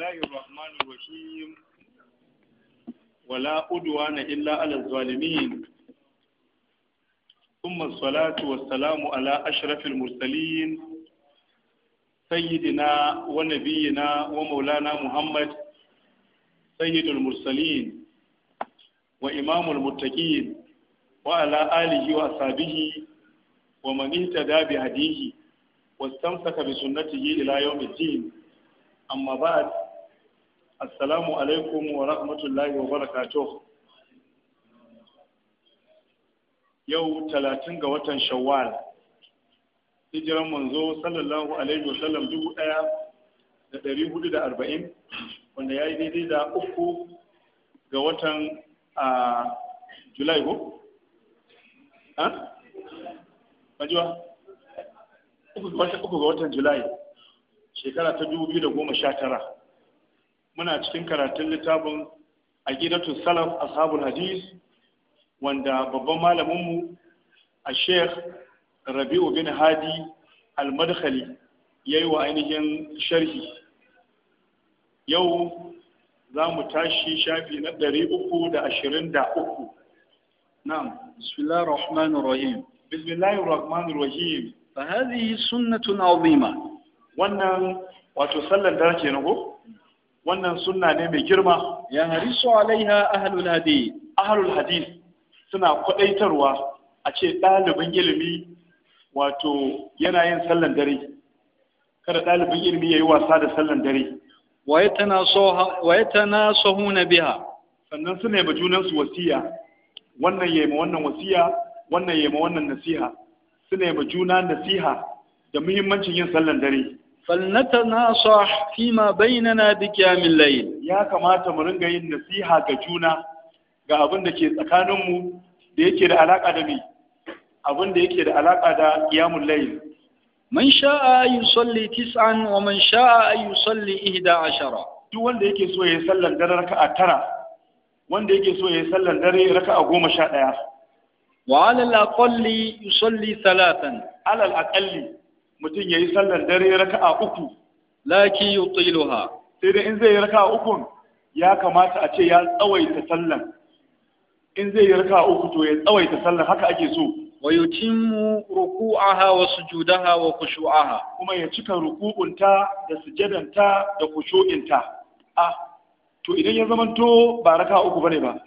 الله الرحمن الرحيم ولا أدوان إلا على الظالمين ثم الصلاة والسلام على أشرف المرسلين سيدنا ونبينا ومولانا محمد سيد المرسلين وإمام المتقين وعلى آله وأصحابه ومن اهتدى بهديه واستمسك بسنته إلى يوم الدين أما بعد assalamu alaikum wa rahmatullahi wa barakatuh yau talatin ga watan shawwal hijiran manzo sallallahu alaihi wa sallam dubu ɗaya da ɗari hudu da arba'in wanda ya yi daidai da uku ga watan a julai ko? ha? majiwa? uku ga watan julai shekara ta dubu biyu da goma sha tara muna cikin karatun littafin aqidatu salaf ashabul hadis wanda babban malaminmu a sheikh rabi'u bin hadi al-madkhali yayi wa ainihin sharhi yau za mu tashi shafi na 323 na'am bismillahir rahmanir rahim bismillahir rahmanir rahim fa hadhihi sunnatun azima wannan wato sallan da kenan ko wannan sunna ne mai girma ya harisu alaiha ahlul hadith ahlul hadith suna kwadaitarwa a ce ɗalibin ilimi wato yana yin sallan dare kada ɗalibin ilimi yayi wasa da sallan dare wa yatanasahuna biha sannan su ne bajunan su wasiya wannan yayi ma wannan wasiya wannan yayi ma wannan nasiha su ne ma juna nasiha da muhimmancin yin sallan dare فلنتناصح فيما بيننا بقيام الليل يا kamata mu ringa yin nasiha ga juna ga abin da ke tsakaninmu da yake da alaƙa da me abin da yake da alaƙa da ƙiyamun layin. man sha'a a yi yusalli tis'an wa man sha'a a yusalli ihda ashara duk wanda yake so ya sallan dare a tara wanda yake so ya sallan dare a goma sha ɗaya wa alal aqalli yusalli thalathan alal aqalli mutum ya yi sallar dare raka'a uku laki yutiluha sai dai in zai yi raka'a uku ya kamata a ce ya tsawaita sallan in zai yi raka'a uku to ya tsawaita sallan haka ake so wa yutimmu ruku'aha wa sujudaha wa khushu'aha kuma ya cika ruku'unta da sujadanta da khushu'inta a to idan ya zama to ba raka'a uku bane ba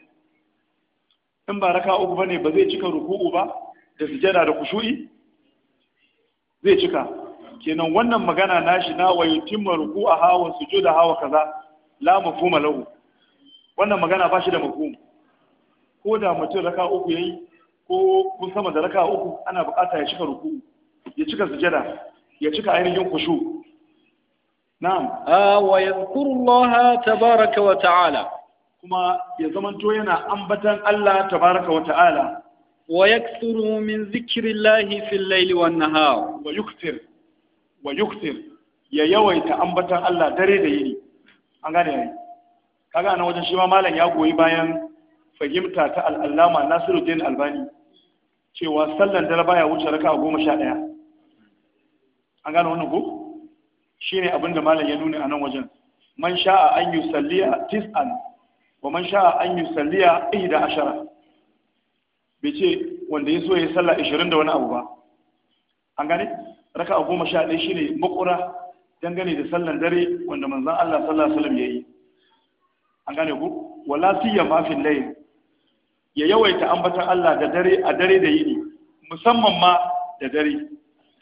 in ba raka'a uku bane ba zai cika ruku'u ba da sujada da khushu'i zai cika kenan wannan magana nashi na wa yutimma su jo da hawa kaza la mafhuma lahu wannan magana ba shi da mafhum ko da mutum raka uku yayi ko kun sama da raka uku ana bukata ya cika ruku ya cika sujada ya cika ainihin kushu na'am wa yadhkurullaha tabaraka wa ta'ala kuma ya zamanto yana ambatan Allah tabaraka wa ta'ala ويكثر من ذكر الله في الليل والنهار ويكثر ويكثر يا يويت أنبتا الله دري ديني أنا kaga anan wajen shi ma malam ya goyi bayan fahimta ta al'allama Nasiruddin Albani cewa sallan dare baya wuce raka goma sha ɗaya an gane wannan ko Shi ne abinda malam ya nuna a nan wajen man sha'a an yusalliya tis'an wa man sha'a an salliya ihda ashara bai ce wanda ya so ya sallah ishirin da wani abu ba an gane raka goma sha ɗaya shine makura dangane da sallan dare wanda manzon Allah sallallahu alaihi ya yi. an gane ku wala siya mafin fil ya yawaita ambatar Allah da dare a dare da ne, musamman ma da dare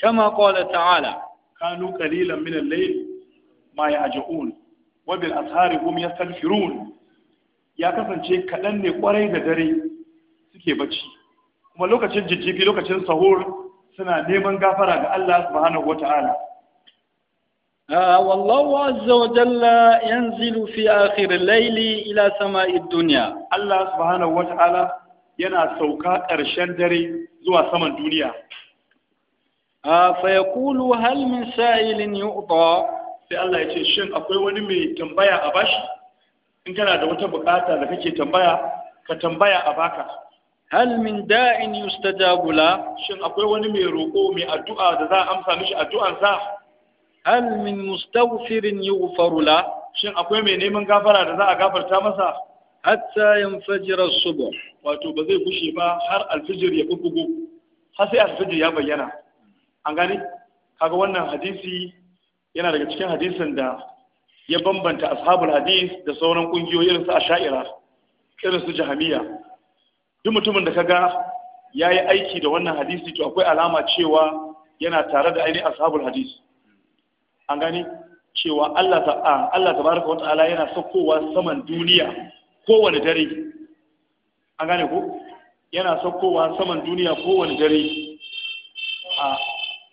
kama qala ta'ala kanu qalilan min al ma ya'ja'un wa bil ashari hum yastaghfirun ya kasance kadan ne kwarai da dare suke bacci kuma lokacin jijjigi, lokacin sahur suna neman gafara ga Allah subhanahu wata'ala ah, wallahu azza wa jalla yanzilu fi akhir al-layli ila sama'i dunya Allah subhanahu wata'ala yana sauka ƙarshen dare zuwa saman duniya ah, fa yaqulu hal min sa'ilin yu'ta sai Allah ya ce shin akwai wani mai tambaya a bashi in kana da wata bukata da kake tambaya ka tambaya a baka hal min da'in yustajabu la shin akwai wani mai roƙo mai addu'a da za a amsa mishi sa? hal min mustaghfirin yughfaru la shin akwai mai neman gafara da za a gafarta masa hatta yanfajira subh wato ba zai kushe ba har alfijir ya bubugo har sai alfijir ya bayyana an gani kaga wannan hadisi yana daga cikin hadisin da ya bambanta ashabul hadis da sauran kungiyoyin su asha'ira irin su jahamiya duk mutumin da kaga yi aiki da wannan hadisi to akwai alama cewa yana tare da ainihin ashabul hadisi an gani cewa Allah ta Allah tabaraka wa ta'ala yana saukowa saman duniya kowane dare an gane ko yana saukowa saman duniya kowane dare a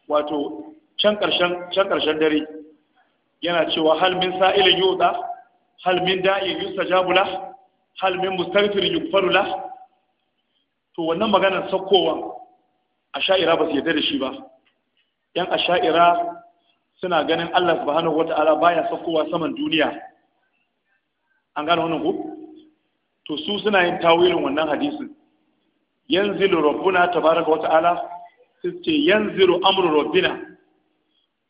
wato can ƙarshen can ƙarshen dare yana cewa hal min sa'ilin yuda hal min da'in yustajabu lah hal min mustaghfir yughfaru lah to wannan maganar sakkowa a sha'ira ba su yarda da shi ba yan a sha'ira suna ganin Allah subhanahu wata'ala baya sakkowa saman duniya an gane wannan ku to su suna yin tawilin wannan hadisin yanzilu rabbuna tabaraka wata'ala su ce yanzilu amru rabbina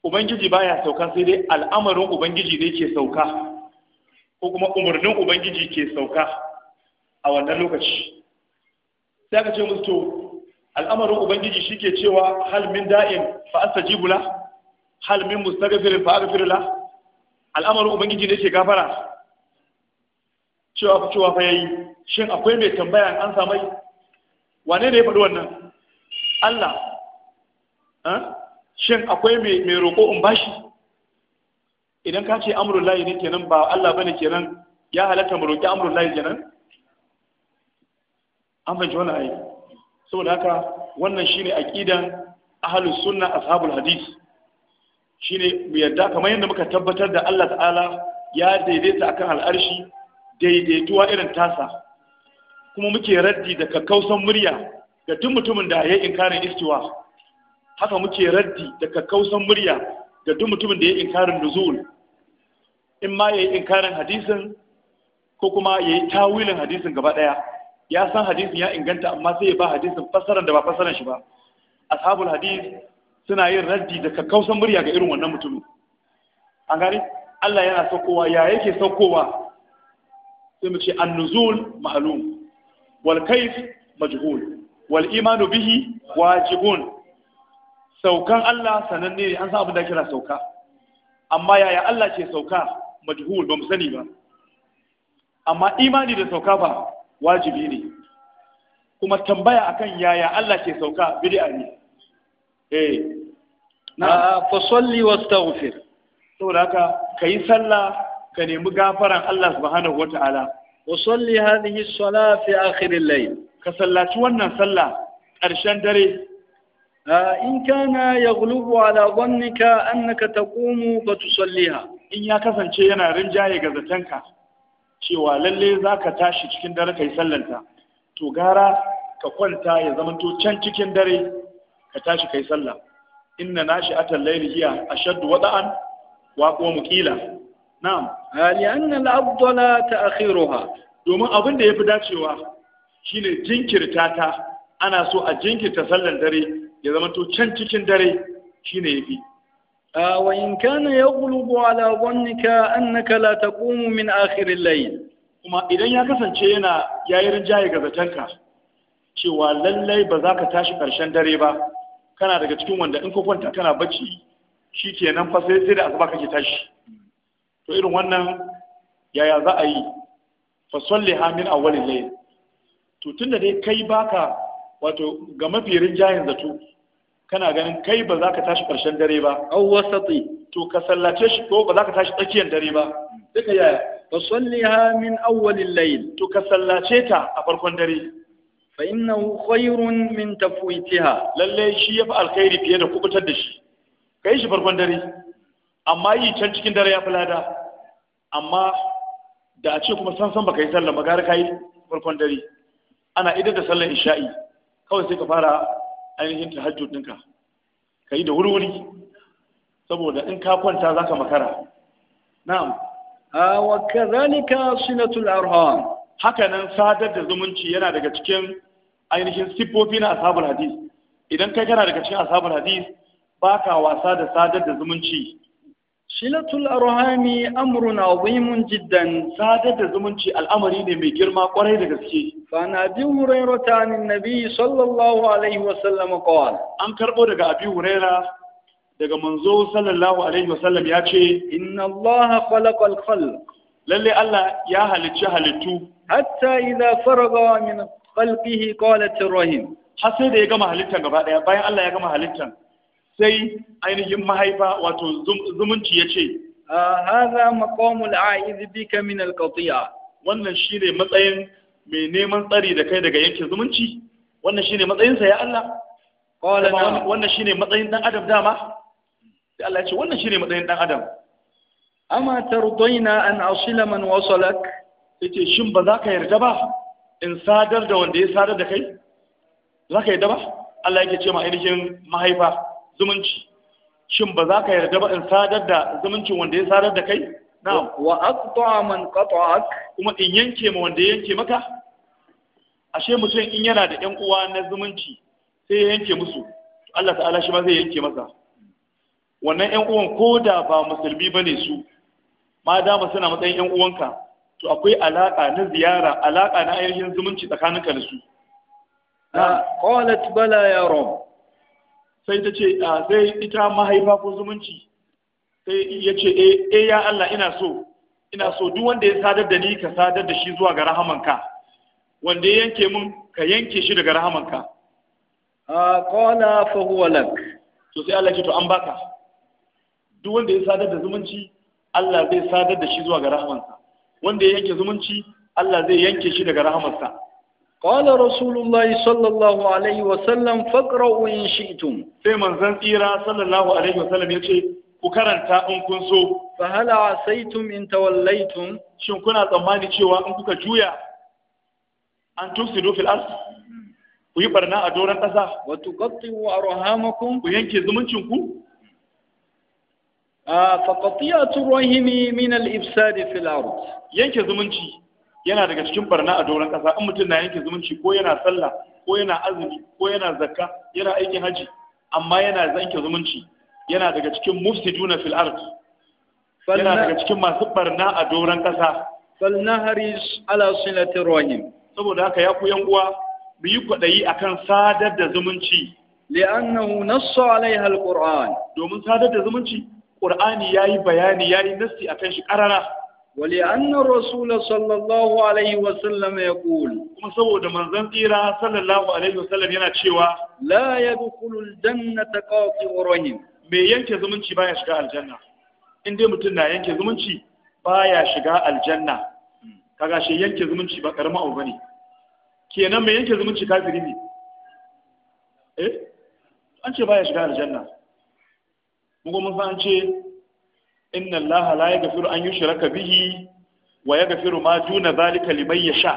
ubangiji baya sauka sai dai al'amarin ubangiji ne ke sauka ko kuma umarnin ubangiji ke sauka a wannan lokaci sai ka ce musu to al'amarin ubangiji shi ke cewa hal min da'in fa astajibu la hal min mustaghfirin fa aghfir la al'amarin ubangiji ne ke gafara cewa cewa fa yayi shin akwai mai tambaya an samai wane ne ya faɗi wannan Allah shin akwai mai roƙo in bashi idan ka ce amrul lahi ne kenan ba Allah bane kenan ya halatta mu roƙi amrul lahi kenan an fahimci wannan ayi saboda haka wannan shine aqidan ahlus sunna ashabul hadis shine mu yarda kamar yadda muka tabbatar da Allah ta'ala ya daidaita akan al'arshi daidaituwa irin tasa kuma muke raddi da kakkausan murya ga duk mutumin da ya inkarin istiwa haka muke raddi da kakkausan murya ga duk mutumin da ya inkarin nuzul in ma ya yi inkarin hadisin ko kuma ya tawilin hadisin gaba ɗaya ya san hadisin ya inganta amma sai ya ba hadisin fassara da ba fassarar shi ba ashabul hadis suna yin raddi da kakkausan murya ga irin wannan mutumin an gani Allah yana saukowa ya yake saukowa sai mu ce annuzul ma'lum wal kayf majhul wal iman bihi wajibun saukan Allah sananne ne an san abin da kira sauka amma yaya Allah ce sauka majhul ba mu sani ba amma imani da sauka ba wajibi ne kuma tambaya akan yaya Allah ke sauka bid'a ne eh na ah, fa salli wastaghfir saboda haka kai sallah ka nemi gafaran Allah subhanahu wataala wa salli hadhihi as fi akhir al-layl ka sallaci wannan sallah ƙarshen dare ah, in kana yaghlubu ala dhannika annaka taqumu fa tusalliha in ya kasance yana rinjaye ga zatanka cewa lalle za ka tashi cikin dare ka yi sallanta to gara ka kwanta ya zamanto can cikin dare ka tashi ka yi sallah inna nashi atal layli hiya ashaddu wada'an wa kuma muqila na'am hali anna al-afdala ta'khiruha domin abin da ya fi dacewa shine jinkirta ta ana so a jinkirta sallan dare ya zamanto can cikin dare shine yafi وإن كان يغلب على ظنك أنك لا تقوم من آخر الليل kuma idan ya kasance yana yayi rinjaye ga ka, cewa lallai ba za ka tashi ƙarshen dare ba kana daga cikin wanda in ka kwanta kana bacci shi kenan fa sai sai da asuba kake tashi to irin wannan yaya za a yi fa salli hamin awwalil layl to tunda dai kai baka wato ga mafi rinjayen zato kana ganin kai ba za ka tashi ƙarshen dare ba aw wasati to ka sallace shi ko ba za ka tashi tsakiyar dare ba duka yaya fa salliha min awwalil layl to ka sallace ta a farkon dare fa innahu khayrun min tafwitiha lalle shi yafi alkhairi fiye da kubutar da shi kai shi farkon dare amma yi can cikin dare ya fi lada amma da a ce kuma san san baka yi sallah ba gara kai farkon dare ana idan da sallar isha'i kawai sai ka fara ainihin tahajjud ɗinka ka yi da wuri-wuri saboda in ka kwanta za ka makara na'am a wa kazalika sinatul arham haka sadar da zumunci yana daga cikin ainihin siffofi na asabar hadis idan kai kana daga cikin asabar hadis baka wasa da sadar da zumunci silatul arhami amrun azimun jiddan sadar da zumunci al'amari ne mai girma kwarai da gaske فعن أبي هريرة عن النبي صلى الله عليه وسلم قال أن كربو دقى أبي هريرة دقى منزو صلى الله عليه وسلم ياتي إن الله خلق الخلق للي الله يا هلتش هلتو حتى إذا فرغ من خلقه قالت الرحيم حسد يا جماعة هلتن قبل باين الله يا جماعة هلتن sai ainihin mahaifa wato zumunci ya ce haza maqamul a'iz bika min al wannan shine matsayin mai neman tsari da kai daga yanke zumunci wannan shine matsayinsa ya Allah qala wannan shine matsayin dan adam dama sai Allah ya ce wannan shine matsayin dan adam amma tardaina an asila man wasalak yace shin ba za ka yarda ba in sadar da wanda ya sadar da kai za ka yarda ba Allah yake ce ma ainihin mahaifa zumunci shin ba za ka yarda ba in sadar da zumuncin wanda ya sadar da kai na'am wa aqta man qata'ak kuma in yanke ma wanda yanke maka ashe mutum in yana da ƴan uwa na zumunci sai ya yanke musu Allah ta'ala shi ma zai yanke masa wannan ƴan uwan ko da ba musulmi bane su ma dama suna matsayin ƴan uwanka to akwai alaka na ziyara alaka na ainihin zumunci tsakaninka da su ah, qalat bala ya rab sai ta ce ah, sai ita mahaifa ko zumunci sai ya ce E! ya Allah ina so ina so duk wanda ya sadar da ni ka sadar da shi zuwa ga rahamanka wanda ya yanke mun ka yanke shi daga rahamanka qala fa huwa lak to sai Allah ya ce to an baka duk wanda ya sadar da zumunci Allah zai sadar da shi zuwa ga rahamansa wanda ya yanke zumunci Allah zai yanke shi daga rahamarsa qala rasulullahi sallallahu alaihi wa sallam faqra'u in shi'tum sai manzon tsira sallallahu alaihi wa sallam yace ku karanta in kun so fa sai tun in tawallaitum shin kuna tsammani cewa in kuka juya an tusidu fil ard ku yi barna a doron ƙasa wa wa arhamakum ku yanke zumuncin ku fa qatiyatu rahimi min al ifsad fil ard yanke zumunci yana daga cikin barna a doron ƙasa in mutum na yanke zumunci ko yana sallah ko yana azumi ko yana zakka yana aikin haji amma yana zanke zumunci yana daga cikin mufsiduna fil ard yana daga cikin masu barna a doron kasa fal naharis ala silati rahim saboda haka ya ku yan uwa mu yi kwadayi akan sadar da zumunci li'annahu nassa alaiha alquran domin sadar da zumunci qur'ani yayi bayani yayi nassi akan shi karara ولأن الرسول صلى الله عليه وسلم يقول كما سبب من زنقيرا صلى الله عليه وسلم ينا لا يدخل الجنة قاطع رحم mai yanke zumunci baya shiga aljanna in dai mutum na yanke zumunci baya shiga aljanna kaga shi yanke zumunci ba karamin abu bane kenan mai yanke zumunci kafiri ne eh an ce baya shiga aljanna mun kuma san an ce inna allaha la yaghfiru an yushraka bihi wa yaghfiru ma duna zalika liman yasha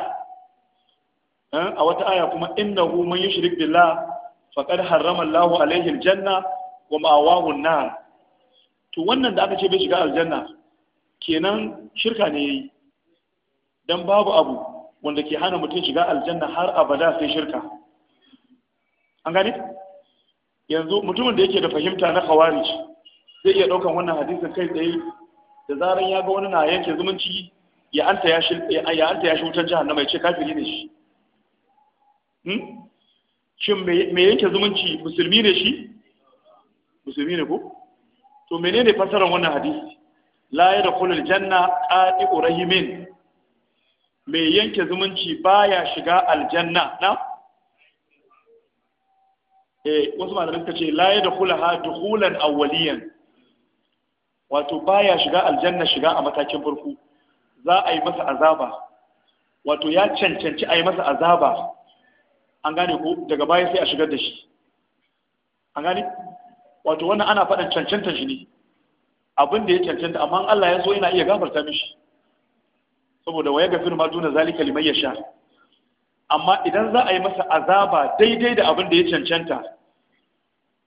eh? a wata aya kuma innahu man yushrik billah faqad harrama allahu alaihi aljanna wa ma'awahun na to wannan da aka ce bai shiga aljanna kenan shirka ne yi don babu abu wanda ke hana mutum shiga aljanna har abada sai shirka an gane yanzu mutumin da yake da fahimta na Hawari zai iya daukan wannan hadisin kai tsaye da zaran ya ga wani na yanke zumunci ya anta ya shi ya anta ya shi wutar jahannama ya ce kafiri ne shi hmm? shin me yanke zumunci musulmi ne shi musulmi ne ko to menene fasarar wannan hadisi la ya da kullu janna qadi urahimin Me yanke zumunci baya shiga aljanna na eh wasu malamai suka ce la ya da ha dukhulan awwaliyan wato baya shiga aljanna shiga a matakin farko za a yi masa azaba wato ya cancanci a yi masa azaba an gane ko daga baya sai a shigar da shi an gane wato wannan ana faɗin cancanta shi ne abin da ya cancanta amma Allah ya so yana iya gafarta mishi saboda waya gafiru ma duna zalika liman yasha amma idan za a yi masa azaba daidai da abin da ya cancanta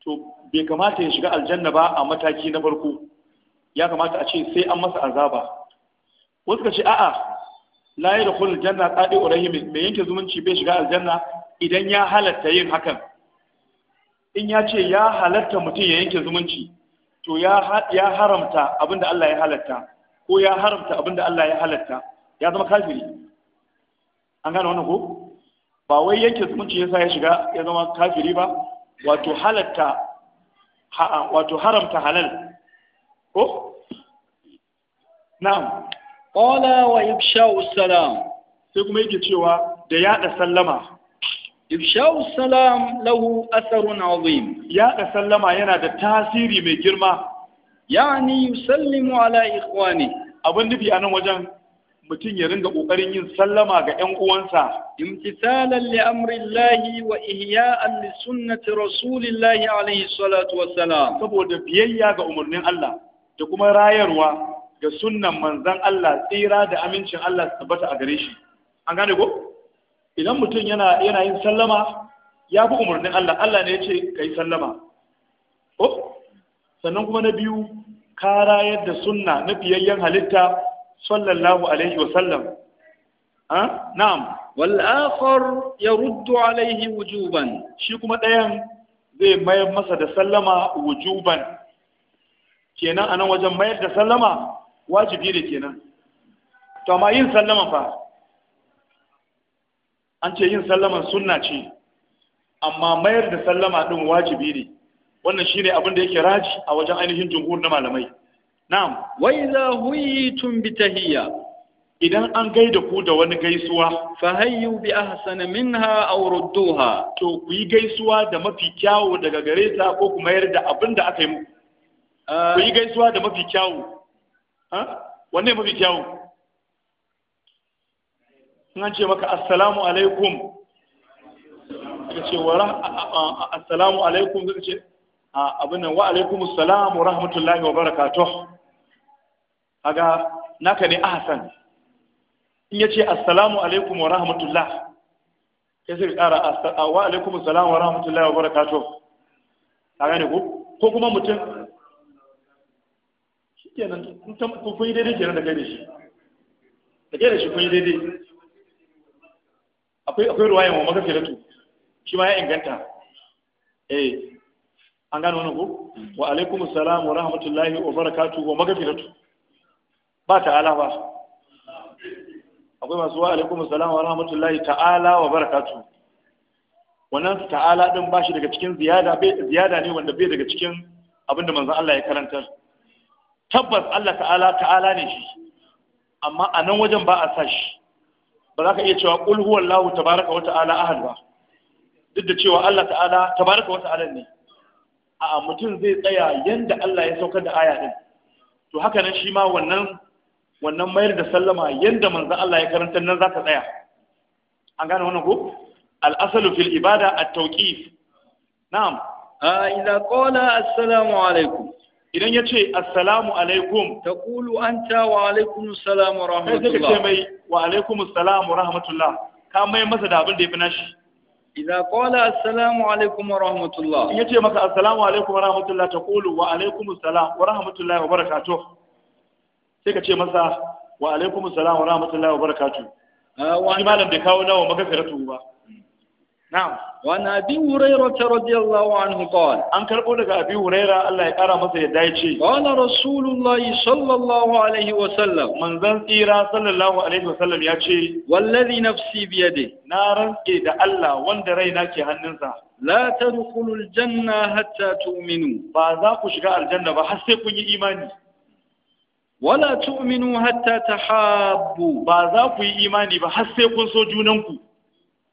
to bai kamata ya shiga aljanna ba a mataki na farko ya kamata a ce sai an masa azaba wasu ka ce a'a la yadkhulul janna qadi urahimin mai yanke zumunci bai shiga aljanna idan ya halatta yin hakan in ya ce ya halatta mutum ya yanke zumunci to ya haramta abinda Allah ya halatta ko ya haramta abinda Allah ya halatta ya zama kafiri an gane wannan ko ba wai yanke zumunci yasa ya shiga ya zama kafiri ba wato halatta wato haramta halal ko na'am qala wa ifsha'u salam sai kuma yake cewa da yada sallama Ifsha'u salam lahu asarun azim. Yaɗa sallama yana da tasiri mai girma. Yani yusallimu ala ikhwani. Abin nufi a nan wajen mutum ya ringa ƙoƙarin yin sallama ga ‘yan uwansa. Imtisalan li amrillahi wa ihya'an li sunnati rasulillahi alaihi salatu wassalam. Saboda biyayya ga umarnin Allah da kuma rayarwa ga sunnan manzon Allah tsira da amincin Allah su tabbata a gare shi. An gane ko? idan mutum yana yana yin sallama ya bi umarnin Allah Allah ne ya ce ka yi sallama oh sannan kuma na biyu kara yadda da sunna na biyayyen halitta sallallahu alaihi wa sallam na'am wal akhar yaruddu alaihi wujuban shi kuma ɗayan zai mayar masa da sallama wujuban kenan anan wajen mayar da sallama wajibi ne kenan to amma yin sallama fa an ce yin sallaman sunna ce amma mayar da sallama din wajibi ne wannan shine abin da yake raji a wajen ainihin jumhur na malamai na'am wa idza huyitum bi tahiyya idan an gaida ku da wani gaisuwa fa hayyu bi ahsana minha aw rudduha to ku yi gaisuwa da mafi kyawu daga gare ta ko kuma yar da abin da aka yi mu. Ah. ku yi gaisuwa da mafi kyawu ha wanne mafi kyawu in ce maka assalamu alaikum ka ce wa assalamu alaikum zai ce abin nan wa alaikum assalamu rahmatullahi wa barakatuh kaga naka ne ahsan in ce assalamu alaikum wa rahmatullah kai sai ƙara wa alaikum assalamu wa rahmatullahi wa barakatuh kaga ne ko ko kuma mutum shikenan kun kun yi daidai kenan da kai shi da kai da shi kun yi daidai akwai akwai ruwayan wa makafiratu shi ma ya inganta eh an gano wannan ko wa alaikum assalam wa rahmatullahi wa barakatuh wa magfiratu ba ta'ala ba akwai masu wa alaikum assalam wa rahmatullahi ta'ala wa barakatuh wannan ta'ala din ba shi daga cikin ziyada bai ziyada ne wanda bai daga cikin abinda manzon Allah ya karanta tabbas Allah ta'ala ta'ala ne shi amma a nan wajen ba a sa shi ba za ka iya cewa qul huwallahu tabaraka wa ta'ala ahad ba duk da cewa Allah ta'ala tabaraka wa ta'ala ne a mutum zai tsaya yanda Allah ya saukar da aya din to haka nan shi ma wannan wannan mayar da sallama yanda manzon Allah ya karanta nan za ka tsaya an gane wannan ko al-asalu fil ibada at-tawqif na'am إذا قال السلام عليكم idan ya ce assalamu alaikum ta kulu an ta wa alaikum salamu rahmatullah sai ka ce mai wa alaikum salamu rahmatullah ka mai masa da abin da ya fi nashi idan kola assalamu alaikum wa rahmatullah in ya ce maka assalamu alaikum wa rahmatullah ta kulu wa alaikum salam wa rahmatullah wa barakatuh sai ka ce masa wa alaikum salam wa rahmatullah wa barakatuh ah, wani malam bai kawo nawa magafiratu ba na'am wa na bi hurairah radiyallahu anhu qal an karɓo daga abi hurairah Allah ya ƙara masa yadda ya ce qala rasulullahi sallallahu alaihi wa sallam manzon tsira sallallahu alaihi wa sallam ya ce wallazi nafsi bi yadi na rantse da Allah wanda raina ke hannunsa la tadkhulul janna hatta tu'minu ba za ku shiga aljanna ba har sai kun yi imani wala tu'minu hatta tahabbu ba za ku yi imani ba har sai kun so junanku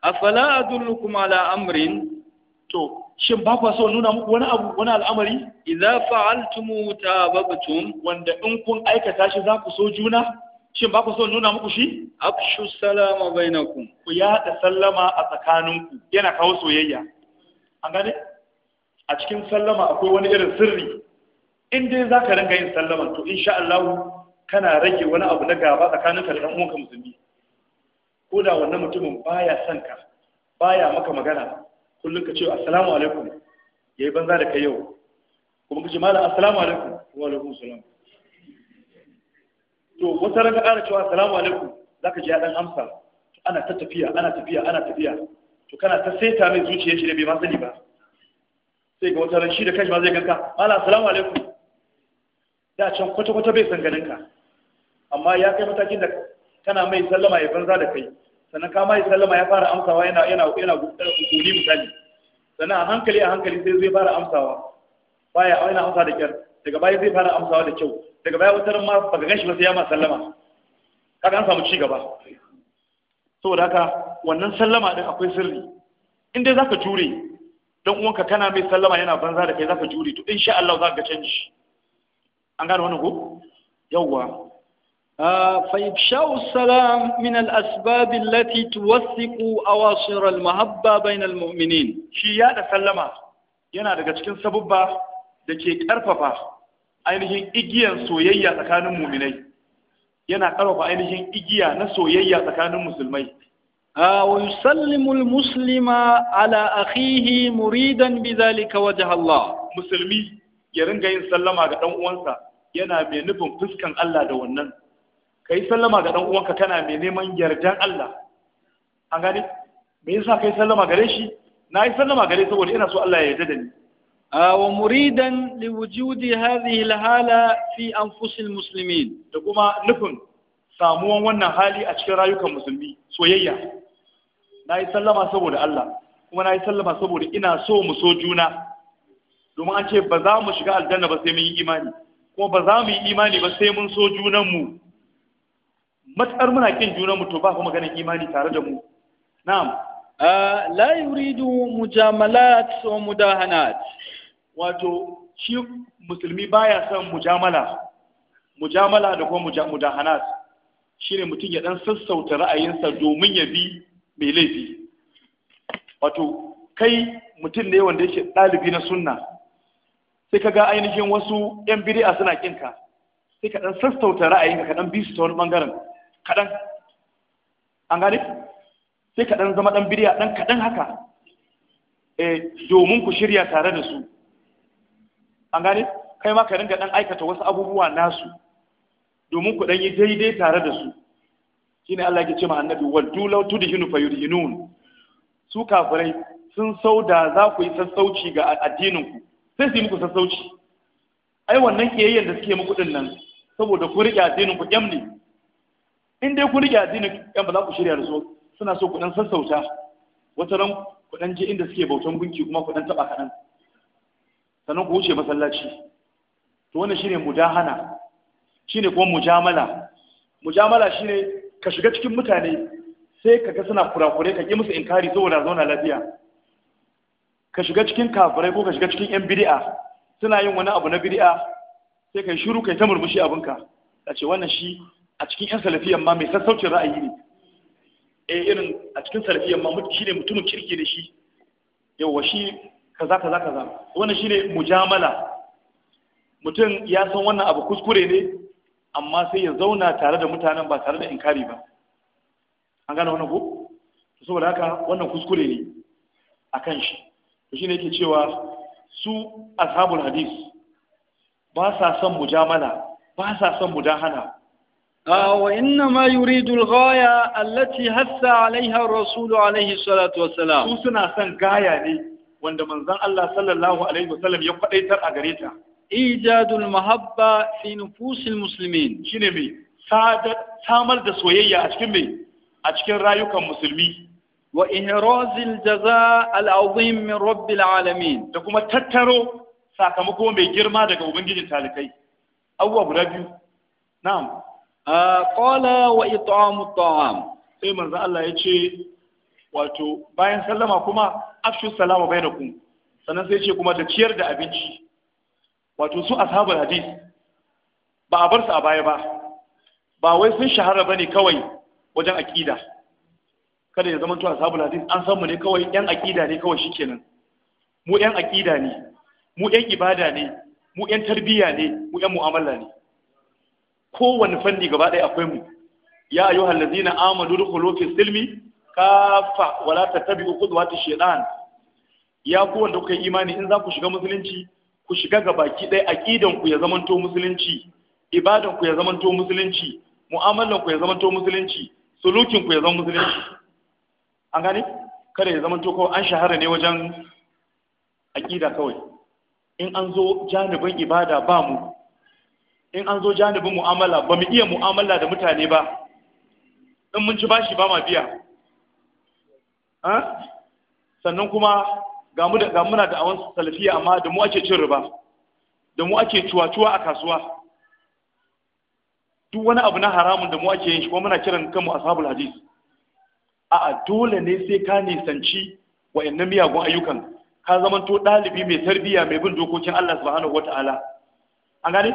afala adullukum ala amrin to shin ba ku so nuna muku wani abu wani al'amari idza fa'altumu tababtum wanda in kun aikata shi za ku so juna shin ba ku so nuna muku shi afshu salama bainakum ku da sallama a tsakaninku yana kawo soyayya an gane a cikin sallama akwai wani irin sirri in dai za ka ringa yin sallama to insha Allah kana rage wani abu na gaba tsakaninka da ɗan uwanka musulmi ko da wannan mutumin baya son ka baya maka magana kullum ka ce assalamu alaikum ya yi banza da kai yau kuma kace malam assalamu alaikum wa alaikum salam to wata raka ana cewa assalamu alaikum zaka ji dan amsa ana ta tafiya ana tafiya ana tafiya to kana ta saita mai zuciya shi da bai ma sani ba sai ga wata ran shi da kashi ma zai ganka malam assalamu alaikum da can kwata kwata bai san ganin ka amma ya kai matakin da kana mai sallama ya banza da kai sannan ka mai sallama ya fara amsawa yana yana yana gudu eh, misali sannan a hankali a hankali sai zai fara amsawa baya yana amsa da kyar daga baya zai fara amsawa da kyau daga baya wutar ma baka ganshi ba sai ya ma sallama kaga an samu ci gaba saboda haka wannan sallama din akwai sirri in dai zaka jure dan uwanka kana mai sallama yana banza da kai zaka jure to insha Allah zaka ka ga canji an gane wannan ko yawwa فإفشاء السلام من الأسباب التي توثق أواصر المحبة muminin. Shi شيء سلمة yana daga cikin sabubba da ke ƙarfafa ainihin igiyar soyayya tsakanin muminai yana ƙarfafa ainihin igiya na soyayya tsakanin musulmai wa yusallimu almuslima ala akhihi muridan bidhalika wajha Allah musulmi ya ringa yin sallama ga dan uwansa yana mai nufin fuskan Allah da wannan Ka yi sallama ga dan uwanka kana mai neman yardan Allah an gane me yasa kai sallama gare shi na yi sallama gare saboda ina so Allah ya yarda da ni ah, wa muridan li wujudi hadhihi alhala fi anfusil muslimin da kuma nufin samuwan wannan hali a cikin rayukan musulmi soyayya na yi sallama saboda Allah kuma na yi sallama saboda ina so mu so juna domin an ce ba za mu shiga aljanna ba sai mun yi imani kuma ba za mu yi imani ba sai mun so junanmu matsar muna kin juna mu to ba ku maganar imani tare da mu na'am la yuridu mujamalat wa mudahanat wato shi musulmi baya son mujamala mujamala da kuma mudahanat shine mutum ya dan sassauta ra'ayinsa domin ya bi mai laifi wato kai mutum ne wanda yake ɗalibi na sunna sai ka ga ainihin wasu 'yan bid'a suna kinka sai ka dan sassauta ra'ayinka ka dan bi su ta wani bangaren kaɗan an gane sai kaɗan zama ɗan bidiya ɗan kaɗan haka eh, domin ku shirya tare da su an gane kai ma ka ringa ɗan aikata wasu abubuwa nasu domin ku ɗan yi daidai tare da su shine Allah yake ce ma annabi waddu law tudhinu fayudhinun su kafirai sun sauda za ku yi sassauci ga addinin ku sai su yi muku sassauci ai wannan kiyayyen da suke muku din nan saboda ku riƙe addinin ku yamni in dai ku rike addinin yan ba za ku shirya da su suna so ku dan sassauta wata ran ku je inda suke bautan gunki kuma ku taba kaɗan sannan ku wuce masallaci to wannan shine mudahana shine kuma mujamala mujamala shine ka shiga cikin mutane sai ka ga suna kurakure ka ki musu inkari saboda zauna lafiya ka shiga cikin kafirai ko ka shiga cikin yan bid'a suna yin wani abu na bid'a sai kai shiru kai ta murmushi abinka a ce wannan shi a cikin yan salafiyan ma mai sassaucin ra'ayi ne eh irin a cikin salafiyan ma shi ne mutumin kirki da shi yawa shi kaza kaza kaza wannan ne mujamala mutum ya san wannan abu kuskure ne amma sai ya zauna tare da mutanen ba tare da inkari ba an gane wannan ko saboda haka wannan kuskure ne a kan shi to ne yake cewa su ashabul hadis ba sa son mujamala ba sa son mudahana وإنما يريد الغاية التي هث عليها الرسول عليه الصلاة والسلام سنا سن غاية ne wanda manzon Allah sallallahu alaihi wasallam ya kwadaitar a gareta. ta ijadul mahabba fi nufusil muslimin shine mai samar da soyayya a cikin rayukan musulmi wa ihrazil jaza al'azim min rabbil alamin da kuma tattaro sakamako mai girma daga ubangijin talikai abubuwa guda biyu kola wa it'amu ta'am sai manzo Allah ya ce wato bayan sallama kuma afshu salama ku. sannan sai ce kuma da ciyar da abinci wato su ashabul hadis ba a bar su a baya ba ba wai sun shahara bane kawai wajen akida kada ya zama to ashabul hadis an san mu ne kawai yan akida ne kawai shikenan mu yan akida ne mu yan ibada ne mu yan tarbiyya ne mu yan mu'amala ne kowane fanni gaba ɗaya akwai mu ya ayu hallazina amadu dukhulu fi silmi kafa wala tattabi'u khudwati shaytan ya ku wanda kuka imani in za ku shiga musulunci ku shiga ga baki ɗaya aqidan ku ya zamanto musulunci ibadan ku ya zamanto musulunci mu'amalan ku ya zamanto musulunci sulukin ku ya zama musulunci an gane kada ya zamanto kawai an shahara ne wajen aqida kawai in an zo janibin ibada ba mu in an zo janibin mu'amala ba mu iya mu'amala da mutane ba in mun ci bashi ba ma biya sannan kuma ga muna da awon salafiya amma da mu ake cin riba da mu ake cuwa-cuwa a kasuwa duk wani abu na haramun da mu ake yin shi kuma muna kiran kanmu ashabul hadis a'a dole ne sai ka nisanci wa'annan miyagun ayyukan ka zamanto ɗalibi mai tarbiyya mai bin dokokin Allah subhanahu wata'ala an gane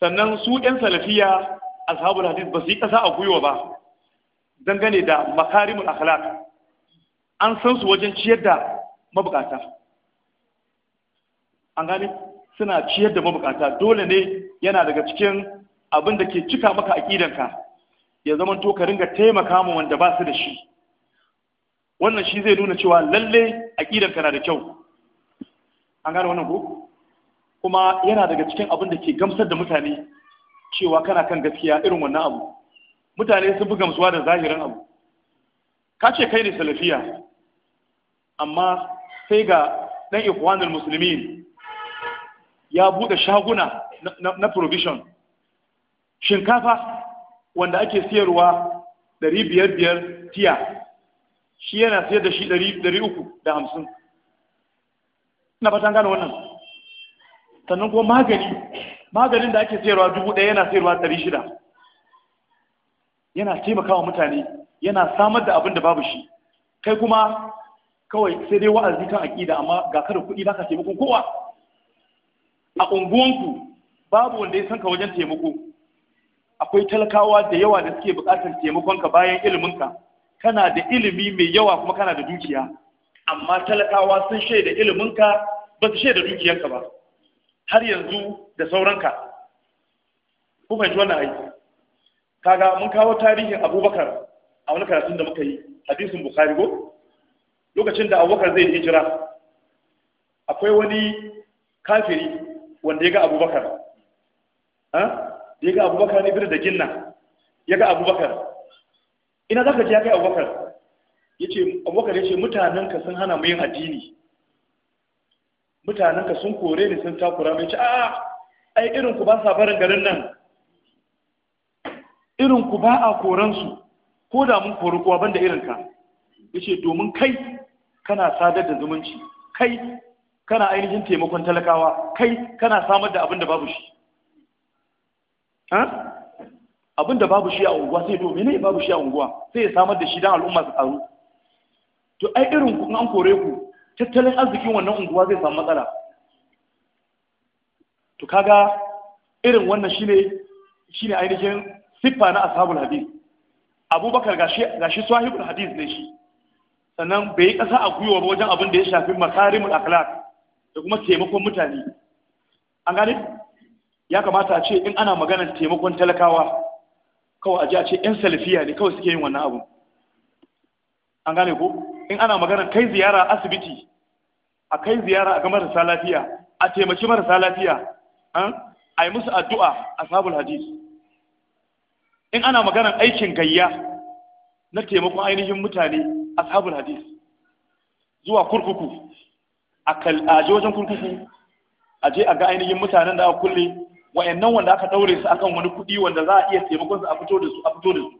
sannan su ɗan salafiya ashabul hadis ba su yi ƙasa a gwiwa ba dangane da makarimul akhlaq an san su wajen ciyar da mabukata an gani suna ciyar da mabukata dole ne yana daga cikin abin da ke cika maka aƙidanka ya zama to ka ringa taimaka ma wanda ba su da shi wannan shi zai nuna cewa lalle aƙidanka na da kyau an gane wannan ko kuma yana daga cikin abin da ke gamsar da mutane cewa kana kan gaskiya irin wannan abu mutane sun fi gamsuwa da zahirin abu ka ce kai ne salafiya amma sai ga ɗan ikwanul musulmi ya buɗe shaguna na provision shinkafa wanda ake siyarwa dari biyar biyar tiya shi yana siyar da shi dari uku da hamsin na fatan gane wannan sannan kuma magani maganin da ake sayarwa dubu ɗaya yana sayarwa ɗari shida yana taimakawa mutane yana samar da abin da babu shi kai kuma kawai sai dai wa'azi kan aƙida amma ga kada kuɗi ka taimakon kowa a unguwanku babu wanda ya sanka wajen taimako akwai talakawa da yawa da suke buƙatar ka bayan Ka kana da ilimi mai yawa kuma kana da dukiya amma talakawa sun shaida iliminka ba su shaida dukiyanka ba har yanzu da sauranka ku fahimci wannan aiki kaga mun kawo tarihin abubakar a wani karatun da muka yi hadisin bukhari go lokacin da abubakar zai hijira akwai wani kafiri wanda ya ga abubakar ah? ya ga abubakar ne da ginna ya ga abubakar ina za ka ji ya kai abubakar ya ce abubakar ya ce mutanenka sun hana mu yin addini mutanenka sun kore ni sun takura mai ci a ai irin ku ba sa barin garin nan irin ku ba a koran su ko da mun kori ban banda irinka. Ya ce domin kai kana sadar da zumunci kai kana ainihin taimakon talakawa kai kana samar da abin da babu shi abin da babu shi a unguwa sai domin ne babu shi a unguwa sai ya samar da shi don al'umma su tsaro. to ai irin ku an kore ku tattalin arzikin wannan unguwa zai samu matsala to kaga irin wannan shine shine ainihin siffa na ashabul hadith abubakar gashi gashi sahibul hadith ne shi sannan bai yi kasa a gwiwa wajen abin da ya shafi makarimul akhlaq da kuma taimakon mutane an gane ya kamata a ce in ana maganar taimakon talakawa kawai a ji a ce 'yan salafiya ne kawai suke yin wannan abu an gane ko in ana magana kai ziyara asibiti a kai ziyara ga marasa lafiya a taimaki marasa lafiya a yi musu addu'a a sabul hadis in ana magana aikin gayya na taimakon ainihin mutane a sabul hadis zuwa kurkuku a je wajen kurkuku a je a ga ainihin mutanen da aka kulle wa'annan wanda aka ɗaure su akan wani kuɗi wanda za a iya taimakon su a fito da su a fito da su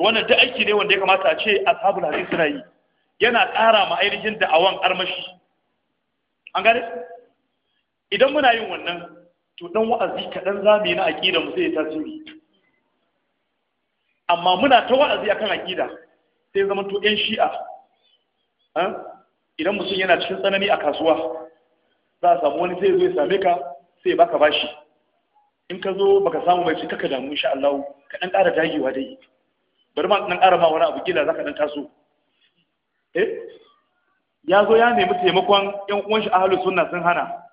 wannan duk aiki ne wanda ya kamata a ce ashabul hadith suna yi yana ƙara ma ainihin da'awan armashi an gane idan muna yin wannan to dan wa'azi kaɗan za mu yi na aƙida mu sai ya tasiri amma muna ta wa'azi akan aƙida sai zama to ƴan shi'a eh, idan mutum yana cikin tsanani a kasuwa za a samu wani sai zo ya same ka sai baka bashi in ka zo baka samu mai cika ka damu insha Allah ka dan ƙara dagewa dai bari ma dan ƙara ma wani abu kila zaka dan taso eh ya zo ya nemi taimakon yan uwan shi ahlus sunna sun hana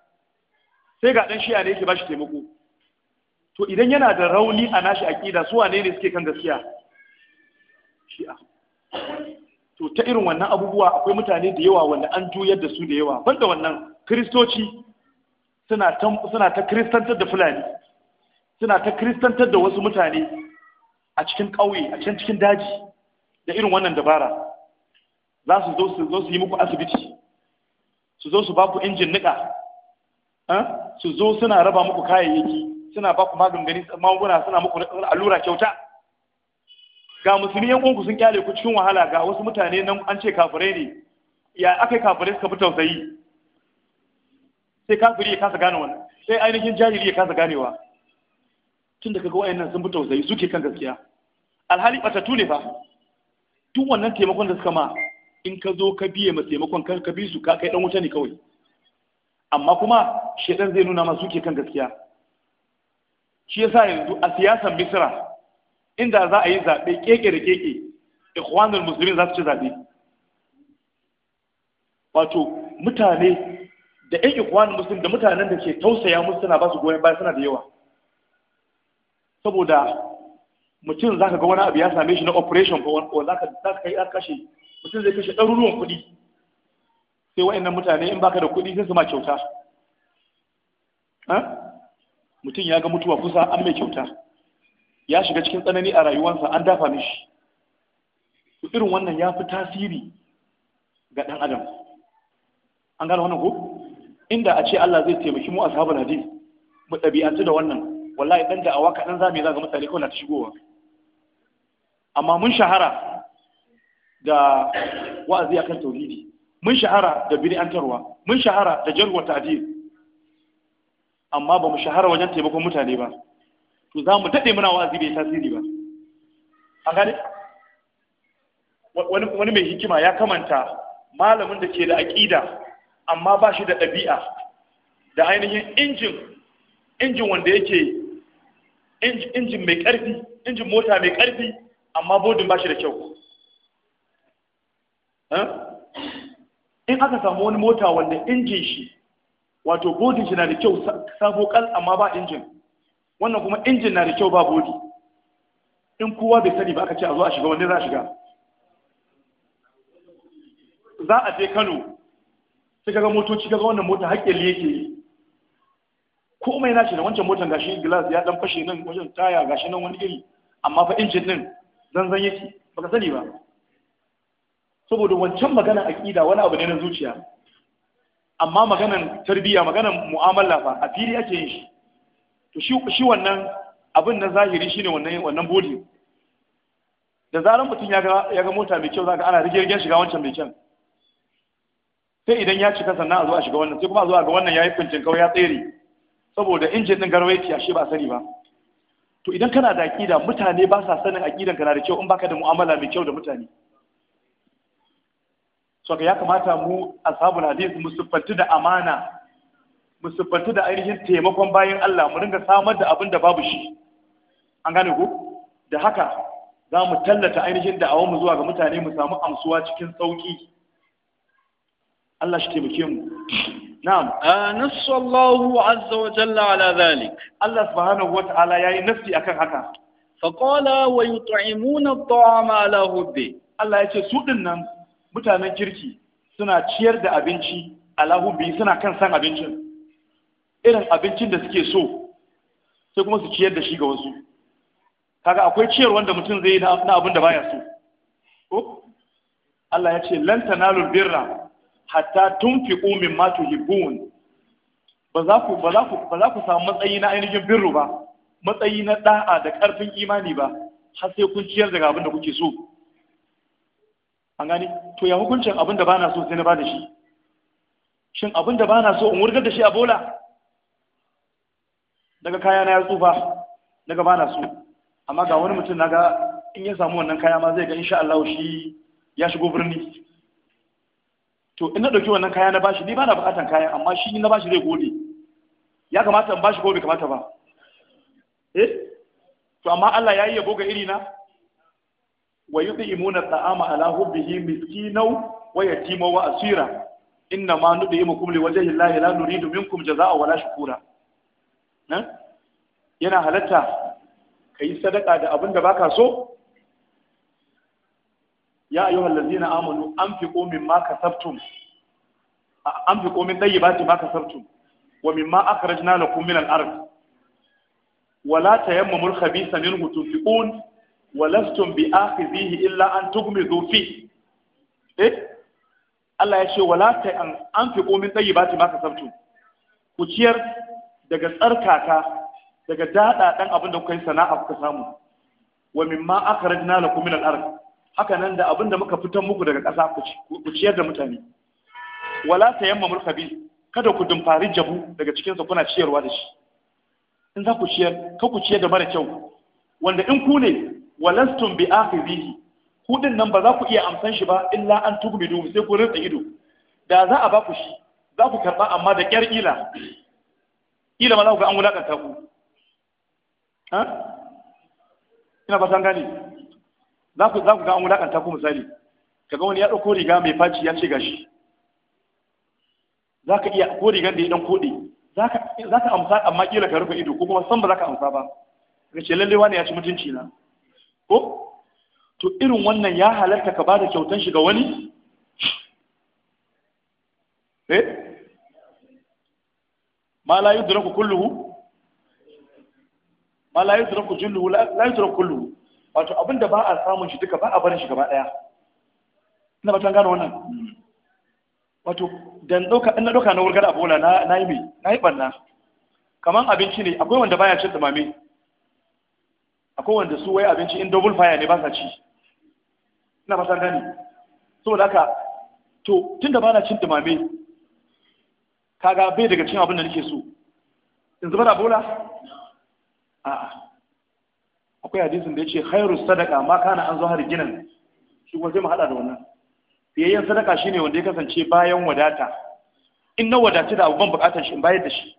sai ga dan shi'a ne yake bashi taimako to idan yana da rauni a nashi aqida su wane ne suke kan gaskiya shi'a to ta irin wannan abubuwa akwai mutane da yawa wanda an juyar da su da yawa banda wannan kristoci suna ta kristantar da fulani suna ta kristantar da wasu mutane a cikin ƙauye a can cikin daji da irin wannan dabara za su zo su zo su yi muku asibiti su zo su ba ku injin niƙa eh, su zo suna raba muku kayayyaki suna ba ku magungani magunguna suna muku allura kyauta ga musulmi yan uwanku sun kyale ku cikin wahala ga wasu mutane nan an ce kafirai ne ya aka yi kafirai suka fi tausayi sai kafiri ya kasa gane wannan sai ainihin jahili ya kasa ganewa tun da kaga wayannan sun fi tausayi suke kan gaskiya alhali batatu ne fa duk wannan taimakon da suka ma in ka zo ka biye ma taimakon kan ka bi su ka kai dan wuta ne kawai amma kuma shedan zai nuna ma suke kan gaskiya shi yasa yanzu a siyasar misra inda za a yi zaɓe keke da keke ikhwanul muslimin za su ci zaɓe wato mutane da ƴan ikhwanul muslim da mutanen da ke tausaya musu suna ba su goyon baya suna da yawa saboda mutum za ka ga wani abu ya same shi na operation ko za ka yi kashe mutum zai kashe ɗaruruwan kuɗi sai wa'annan mutane in baka da kuɗi sai su ma kyauta mutum ya ga mutuwa kusa an mai kyauta ya shiga cikin tsanani a rayuwarsa an dafa mishi irin wannan ya fi tasiri ga ɗan adam an gane wannan ko inda a ce Allah zai taimaki mu ashabul hadis mu ɗabi'antu da wannan wallahi dan da awaka dan za mu yi zaga mutane kawai na ta shigowa amma mun shahara da wa'azi akan tauhidi mun shahara da bid'antarwa mun shahara da jarwa ta'dil amma ba mu shahara wajen taimakon mutane ba to za mu daɗe muna wa'azi bai tasiri ba an gane wani mai hikima ya kamanta malamin da ke da aƙida amma ba shi da ɗabi'a da ainihin injin injin wanda yake injin mai ƙarfi injin mota mai ƙarfi amma bodin ba shi da kyau eh? in aka samu wani mota wanda injin shi wato bodin shi na da kyau sabo kal amma ba injin wannan kuma injin na da kyau ba bodi in kowa bai sani ba aka ce a zo a shiga wanda za a shiga za a je kano sai ga motoci ga wannan mota haƙƙin yake yi komai shi da wancan motan gashi glass ya dan fashe nan wajen taya gashi nan wani iri amma fa injin din zanzan yake baka sani ba saboda wancan magana aqida wani abu ne na zuciya amma maganan tarbiyya maganan mu'amala fa a fili ake yin shi to shi shi wannan abin na zahiri shine wannan wannan body da zaran mutum ya ga ya ga mota mai kyau zaka ana rigirgen shiga wancan mai kyau sai idan ya cika sannan a zo a shiga wannan sai kuma a zo a ga wannan yayi fincin kawai ya tsere saboda injin din garwaiti ashe ba sani ba to idan kana da aqida mutane ba sa sanin aqidan kana da kyau in baka da mu'amala mai kyau da mutane so ya kamata mu ashabul hadis mu siffantu da amana mu siffantu da ainihin taimakon bayan Allah mu ringa samar da abin da babu shi an gane ku da haka za mu tallata ainihin da'awar mu zuwa ga mutane mu samu amsuwa cikin sauki Allah shi taimake mu na'am nassa Allahu azza wa jalla ala Allah subhanahu wa ta'ala yayi nafsi akan haka fa qala wa yut'imuna at-ta'ama ala hubbi Allah ya ce su dinnan mutanen kirki suna ciyar da abinci ala hubbi suna kan san abincin irin abincin da suke so sai kuma su ciyar da shi ga wasu kaga akwai ciyar wanda mutum zai yi na abin da baya so Allah ya ce lan tanalul birra hatta tunfiqu mimma tuhibbun ba za ku ba za ku ba za ku samu matsayi na ainihin birru ba matsayi na da'a da karfin imani ba har sai kun ciyar daga abin da kuke so an gani to ya hukuncin abin da bana so sai na bada shi shin abin da bana so in wurgar da shi a bola daga kaya na ya tsufa daga bana so amma ga wani mutum naga in ya samu wannan kaya ma zai ga insha Allah shi ya shigo birni to ina dauki ɗauki wannan kaya na bashi ni ba na bukatan kayan amma shi na bashi zai gode ya kamata in bashi ko bai kamata ba eh to amma Allah ya yi yabo ga irina wa yud'imuna ta'ama ala hubbihi miskinaw wa yatima wa asira inna ma li wajhi Allahi la nuridu minkum jazaa'a wala shukura nan eh? yana halatta kai sadaka da abin da baka so ya ayyuhal ladzina amanu anfiqu mimma kasabtum anfiqu min tayyibati ma kasabtum wa mimma akhrajna lakum min al-ard wa la tayammamu al-khabitha minhu tunfiqun wa lastum bi illa an eh? Allah ya ce an fi komin anfiqu ba tayyibati maka kasabtum ku ciyar daga tsarkaka daga daɗa ɗan abin da kuka yi sana'a kuka samu wa mimma akhrajna lakum la al-ard haka nan da abin da muka fitan muku daga ƙasa ku ciyar da mutane wala ta yamma mulkabi kada ku dumfari jabu daga cikinsa kuna ciyarwa da shi in za ku ciyar ka ku ciyar da mara kyau wanda in ku ne walastum bi akhizihi ku din nan ba za ku iya amsan shi ba illa an tugmidu sai ku rinsa ido da za a ba ku shi za ku karba amma da kyar ila ila ma za ku ga an wulakanta ku ha ina ba san gani za ku ga an wulakanta ku misali kaga wani ya ɗauko riga mai faci ya ce gashi za ka iya ko rigan da ya ɗan koɗe za ka amsa amma ƙila ka rufe ido ko kuma san ba za ka amsa ba ga ce lallai wani ya ci mutunci na ko to irin wannan ya halarta ka bada kyautan shi ga wani eh ma la yudraku kulluhu ma la yudraku julluhu la yudraku kulluhu wato abin da ba a samun shi duka ba a barin shi gaba ɗaya ina ba ta gano wannan wato dan ɗauka ina ɗauka na wurgar abola na na yi mai na yi ɓanna kamar abinci ne akwai wanda baya cin dumame akwai wanda su wai abinci in double fire ne ba sa ci ina ba ta gani saboda haka to tunda ba na cin dumame kaga bai daga cin abin da nake so in zubar abola a'a akwai hadisin da ya ce khairu sadaka ma kana an zahar ginan shi kuma sai mu hada da wannan fiyayyen sadaka shine wanda ya kasance bayan wadata in na wadaci da abubuwan bukatar shi in bayar da shi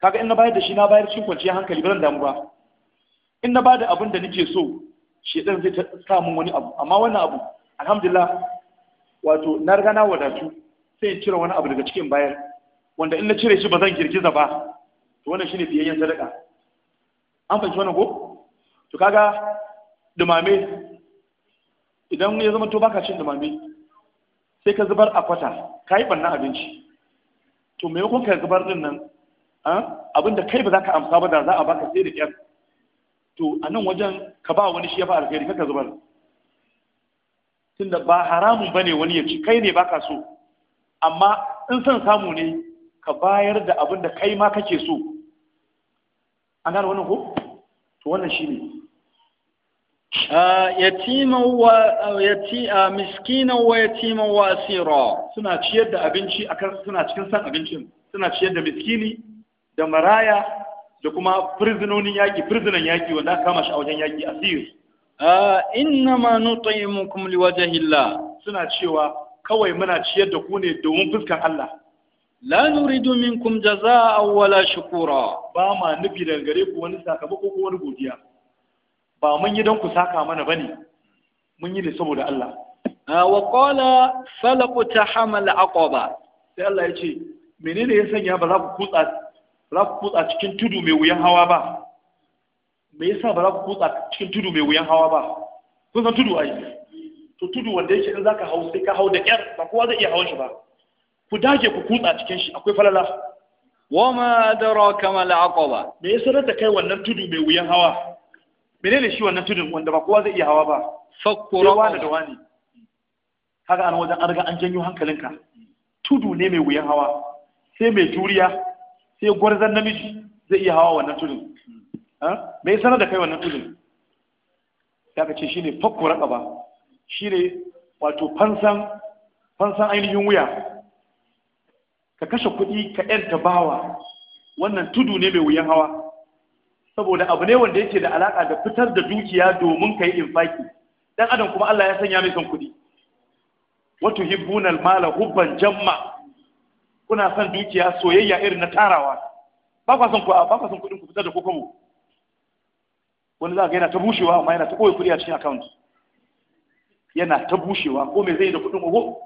kaga in na bayar da shi na bayar cikin kwanciyar hankali ba zan damu ba in na bada abin da nake so shedan zai sa mun wani abu amma wannan abu alhamdulillah wato na riga na wadatu sai in cire wani abu daga cikin bayar wanda in na cire shi ba zan girgiza ba to wannan shine fiyayyen sadaka an fahimci wannan ko to kaga dumame idan ya zama to baka cin dumame sai ka zubar a kwata ka yi ɓanna abinci to maimakon ka zubar din nan abinda kai ba za ka amsa ba da za a baka sai da ƙyar to a nan wajen ka ba wani shi ya fa alheri kaka zubar tunda ba haramun bane wani ya ci kai ne baka so amma in son samu ne ka bayar da abin da kai ma kake so an gane wannan ko to wannan shi ne. wa miskinan wa yatiman wa asira suna ciyar da abinci akan suna cikin san abincin suna ciyar da miskini da maraya da kuma prisonin yaki prisonan yaki wanda aka kama shi a wajen yaki asir inna ma wajen liwajhillah suna cewa kawai muna ciyar da ku ne domin fuskan Allah la nuridu minkum jaza'an wala shukura ba ma nufi daga gare ku wani sakamako ko wani godiya ba mun yi don ku saka mana bane mun yi ne saboda Allah ah, wa qala ta tahamal aqaba sai Allah ya ce menene ya sanya ba za ku kutsa ba za ku kutsa cikin tudu mai wuyan hawa ba me yasa ba za ku kutsa cikin tudu mai wuyan hawa ba kun san tudu ai to tudu wanda yake in zaka hau sai ka hau da kyar ba kowa zai iya hawan shi ba ku dage ku kutsa cikin shi akwai falala wama adraka kama al'aqaba me ya sanar da kai wannan tudu mai wuyan hawa menene shi wannan tudun wanda ba kowa zai iya hawa ba fakku rawa da wani kaga an wajen an riga an janyo hankalinka tudu ne mai wuyan hawa sai mai juriya sai gwarzan namiji zai iya hawa wannan tudun me ya sanar da kai wannan tudun ya ka ce shine fakku raqaba shine wato fansan fansan ainihin wuya ka kashe kuɗi ka ‘yanta bawa wannan tudu ne mai wuyan hawa saboda abu ne wanda yake da alaƙa da fitar da dukiya domin ka yi infaki ɗan adam kuma Allah ya sanya mai son kuɗi wato hibbunan mala hubban jamma kuna son dukiya soyayya irin na tarawa ba kwa son ba kwa son kuɗin ku fitar da kokobo wani za ga yana ta bushewa amma yana ta koyi kuɗi a cikin account yana ta bushewa ko me zai yi da kuɗin oho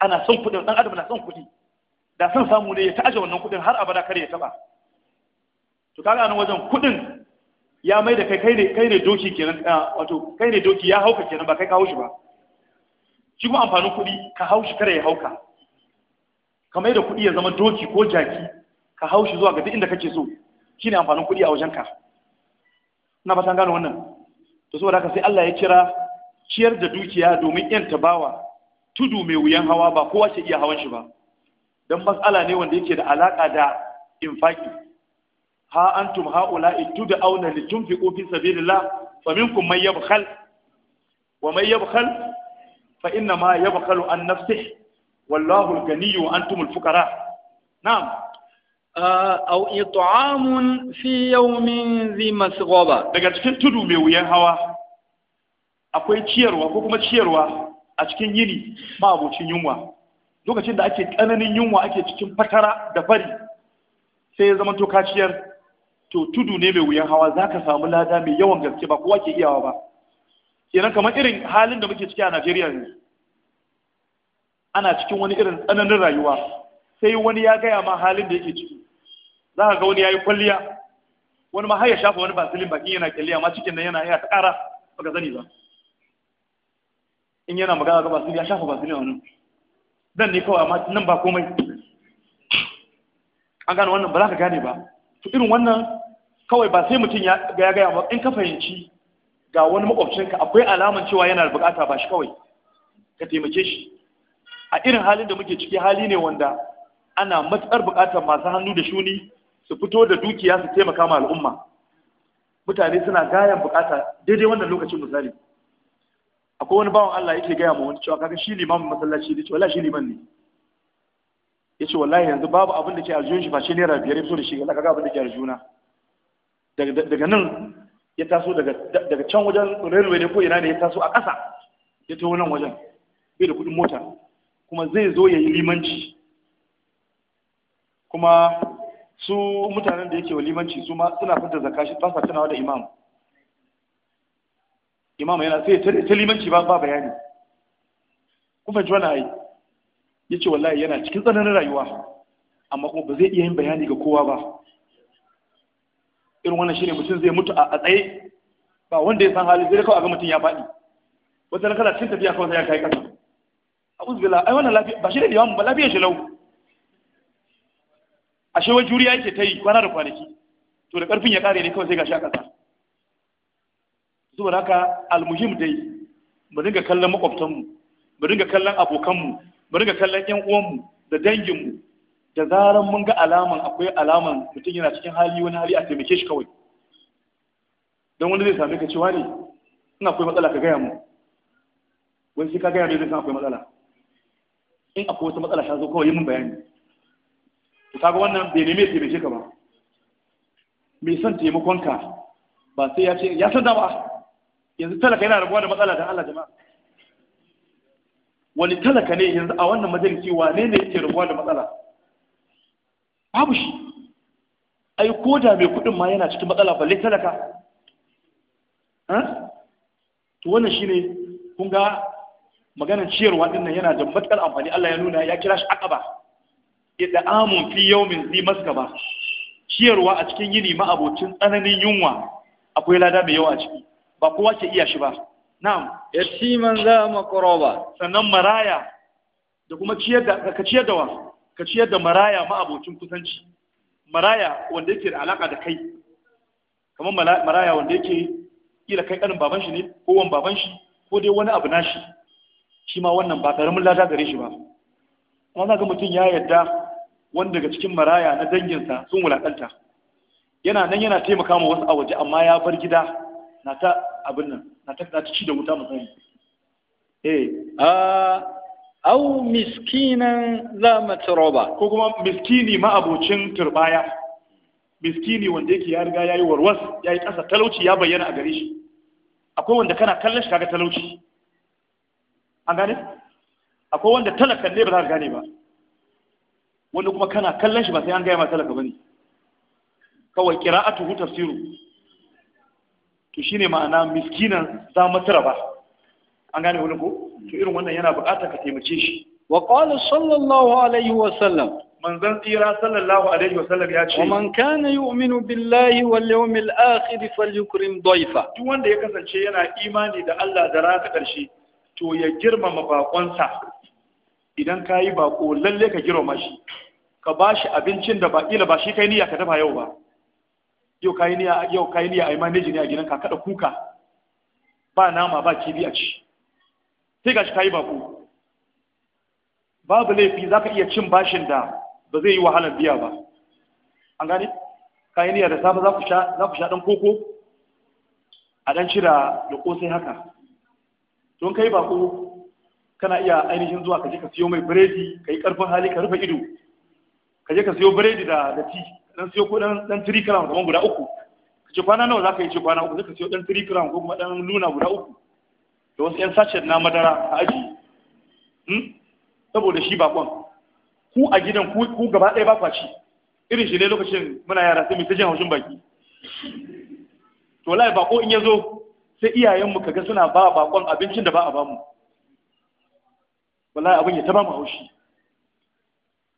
ana son kuɗin ɗan adam na son kuɗi da son samu ne ya ta aje wannan kuɗin har abada kar ya taɓa to kaga nan wajen kuɗin ya mai da kai kai ne kai ne doki kenan wato kai ne doki ya hauka kenan ba kai ka haushi ba shi kuma amfanin kuɗi ka haushi kare ya hauka ka mai da kuɗi ya zama doki ko jaki ka haushi zuwa ga duk inda kake so shine amfanin kuɗi a wajen na ina san gano wannan to saboda haka sai Allah ya kira ciyar da dukiya domin yan tabawa tudu mai wuyan hawa ba kowa ke iya hawan shi ba Don matsala ne wanda yake da alaƙa da infaki ha antum auna tud'auna litunfiqu fi sabilillah faminkum man yabkhal wa man yabkhal fa inna ma yabkhalu an nafsihi wallahu al-ganiyyu wa antum al-fuqara na'am أو إطعام في يوم ذي مسغبة daga cikin tudu mai wuyan hawa akwai ciyarwa ko kuma ciyarwa a cikin yini ba abocin yunwa lokacin da ake tsananin yunwa ake cikin fatara da fari sai ya zama to kaciyar to tudu ne mai wuyan hawa za ka samu lada mai yawan gaske ba kowa ke iyawa ba kenan kamar irin halin da muke ciki a najeriya ne ana cikin wani irin tsananin rayuwa sai wani ya gaya ma halin da yake ciki za ka ga wani ya yi kwalliya wani ma har ya shafa wani basilin baki yana kyalliya ma cikin nan yana iya ta ƙara baka sani ba in yana magana ga basiri ya shafa basiri wani dan ne kawai amma nan ba komai an gane wannan ba za ka gane ba to irin wannan kawai ba sai mutum ya gaya ba in ka fahimci ga wani makwabcinka akwai alaman cewa yana da bukata ba shi kawai ka taimake shi a irin halin da muke ciki hali ne wanda ana matsar bukatar masu hannu da shuni su fito da dukiya su taimaka ma al'umma mutane suna gayan bukata daidai wannan lokacin misali akwai wani bawan Allah yake gaya ma wani cewa kaga shi limamin masallaci ne wallahi shi liman ne yace wallahi yanzu babu abin da ke aljihun shi ba shi naira biyar ya fito da shi kaga abin da ke aljuna daga nan ya taso daga can wajen railway ne ko ina ne ya taso a ƙasa ya taho nan wajen bai da kuɗin mota kuma zai zo ya yi limanci kuma su mutanen da yake wa limanci su ma suna fitar zakashi shi ba sa tunawa da imam imam yana sai ta limanci ba ba bayani kun fahimci wannan Ya yace wallahi yana cikin tsananin rayuwa amma kuma ba zai iya yin bayani ga kowa ba irin wannan shine mutum zai mutu a tsaye ba wanda ya san hali zai kawai a ga mutum ya faɗi wata na kana cikin tafiya kawai ya kai kasa a uzbila ai wannan lafiya ba shi ne limamin ba lafiyar shi lau ashe wa juriya yake ta yi kwana da kwanaki to da karfin ya kare ne kawai sai gashi a kasa saboda haka almuhim dai mu dinga kallon makwabtanmu mu dinga kallon abokanmu mu dinga kallon yan uwanmu da danginmu da zaran mun ga alaman akwai alaman mutum yana cikin hali wani hali a taimake shi kawai don wani zai same ka cewa ne in akwai matsala ka gaya mu wani sai ka gaya mai zai san akwai matsala in akwai wata matsala ta zo kawai yi mun bayani to kaga wannan bai neme taimake ka ba mai son taimakonka ba sai ya ce ya san da ba yanzu talaka yana rabuwa da matsala da Allah jama'a wani talaka ne yanzu a wannan majalisi wane ne yake rabuwa da matsala babu shi ai ko da mai kuɗin ma yana cikin matsala balle talaka to wannan shine kun ga maganar ciyarwa din nan yana da matukar amfani Allah ya nuna ya kira shi aqaba id'amun fi yawmin zi maskaba ciyarwa a cikin yini ma abocin tsananin yunwa akwai lada mai yawa a ciki ba kowa ke iya shi ba na'am Ya ci man za ba. sannan maraya da kuma ciyar da ka ciyar da wa ka ciyar da maraya ma abocin kusanci maraya wanda yake da alaka da kai kamar maraya wanda yake kila kai karin baban shi ne ko wan baban shi ko dai wani abu nashi shi ma wannan ba karamin lada gare shi ba kuma za ga mutum ya yarda wanda daga cikin maraya na danginsa sun wulakanta yana nan yana taimaka ma wasu a waje amma ya bar gida na ta abin nan na ta ci da wuta misali eh a au miskinan la matroba ko kuma miskini ma abocin turbaya miskini wanda yake ya riga yayi warwas yayi kasa talauci ya bayyana a gare shi akwai wanda kana kallon shi kaga talauci an gane akwai wanda talakan ne ba za ka gane ba wanda kuma kana kallon shi ba sai an gaya ma talaka bane kawai qira'atuhu tafsiru to shine ma'ana miskinan za masara ba an gane wani ko to irin wannan yana bukatar ka taimake shi wa qala sallallahu alaihi wa sallam manzon tsira sallallahu alaihi wa sallam ya ce wa man kana yu'minu billahi wal yawmil akhir falyukrim dayfa duk wanda ya kasance yana imani da Allah da rana karshe to ya girmama bakonsa idan ka yi bako lalle ka girmama shi ka bashi abincin da ba kila ba shi kai niyya ka dafa yau ba yau kayi ni yau kayi ni ai manage ne a ka kada kuka ba nama ba kibi a ci sai gashi kayi bako babu laifi zaka iya cin bashin da ba zai yi wahalar biya ba an gane kayi ni da safe za ku sha za sha dan koko a dan cira da kosai haka don kai bako kana iya ainihin zuwa ka je ka siyo mai biredi ka karfin hali ka rufe ido ka je ka siyo biredi da da tea dan siyo ko dan dan three crown kuma guda uku kace kwana nawa zaka yi ce kwana uku zaka siyo dan three crown ko kuma dan luna guda uku da wasu yan sachet na madara a aji hmm? saboda shi bakon ku a gidan ku gaba ɗaya ba kwaci irin shi ne lokacin muna yara sai mu ta jin haushin baki to lai bako in ya zo sai iyayenmu kaga suna ba bakon abincin da ba a bamu wallahi abin ya ta ba mu haushi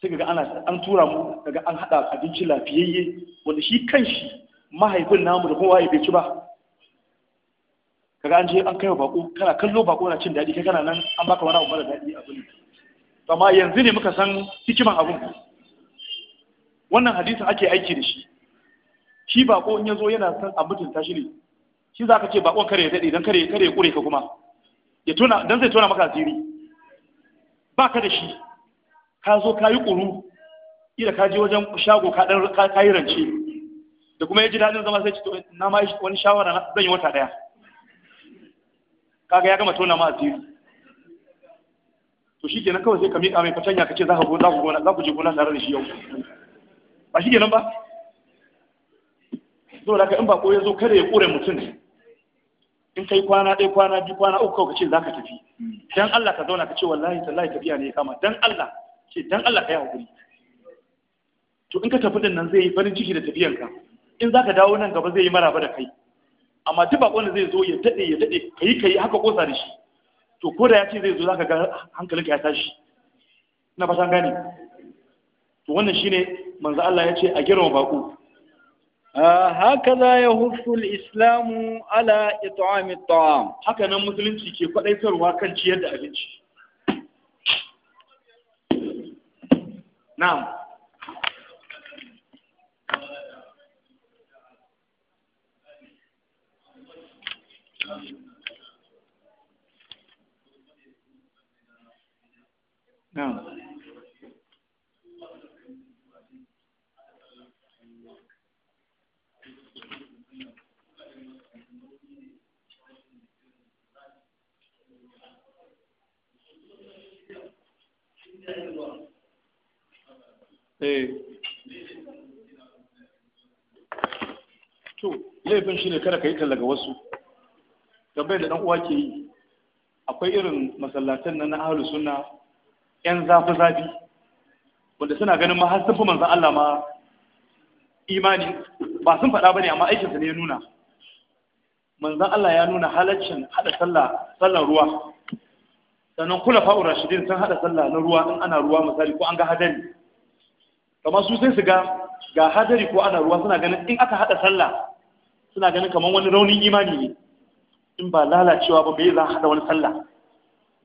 sai ga ana an tura mu daga an hada abinci lafiyayye wanda shi kanshi mahaifin namu da kowa ya bai ci ba kaga an je an kai wa bako kana kallo bako na cin daɗi kai kana nan an baka wani abu mara daɗi a ne amma yanzu ne muka san hikiman abun wannan hadisin ake aiki da shi shi bako in ya zo yana son a mutunta shi ne shi za ka ce bakon kare ya daɗe don kare kare ya kure ka kuma ya tona don zai tona maka asiri ba ka da shi ka zo ka yi ƙuru ila ka je wajen shago ka ɗan yi rance da kuma ya ji daɗin zama sai ci na ma wani shawara zan yi wata ɗaya kaga ya gama tona ma asiri to shi nan kawai sai ka miƙa mai fatanya ka ce za ku gona za ku je gona tare da shi yau ba shi nan ba zo da ka in bako ya zo kada ya ƙure mutum in kai kwana ɗaya kwana biyu kwana uku kawai ka ce za ka tafi dan Allah ka zauna ka ce wallahi tallahi tafiya ne ya kama dan Allah ce dan Allah ka yi hakuri to in ka tafi din nan zai yi farin ciki da tafiyanka in za ka dawo nan gaba zai yi maraba da kai amma duk bakon zai zo ya daɗe ya daɗe ka yi ka yi haka kosa da shi to ko da ya ce zai zo za ka ga hankalinka ya tashi ina san gane to wannan shine manzo Allah ya ce a girma baƙo هكذا يهف الإسلام على إطعام الطعام هكذا مسلم ke kwadaitarwa kan ciyar da abinci na'am na'am Thank you. Eh. to laifin shi ne, kada ka yi talla ga wasu tambayar da dan uwa ke yi akwai irin masallatan nan na ahlus suna yan zafi zafi wanda suna ganin ma har sun fi Allah ma imani ba sun faɗa ne, amma aikinsa ne ya nuna manzan Allah ya nuna halaccin hada sallah sallar ruwa sannan kula fa'ur rashidin sun hada sallah na ruwa in ana ruwa misali ko an ga hadari kamar su sai su ga ga hadari ko ana ruwa suna ganin in aka hada sallah suna ganin kamar wani raunin imani ne in ba lalacewa ba bai za a hada wani sallah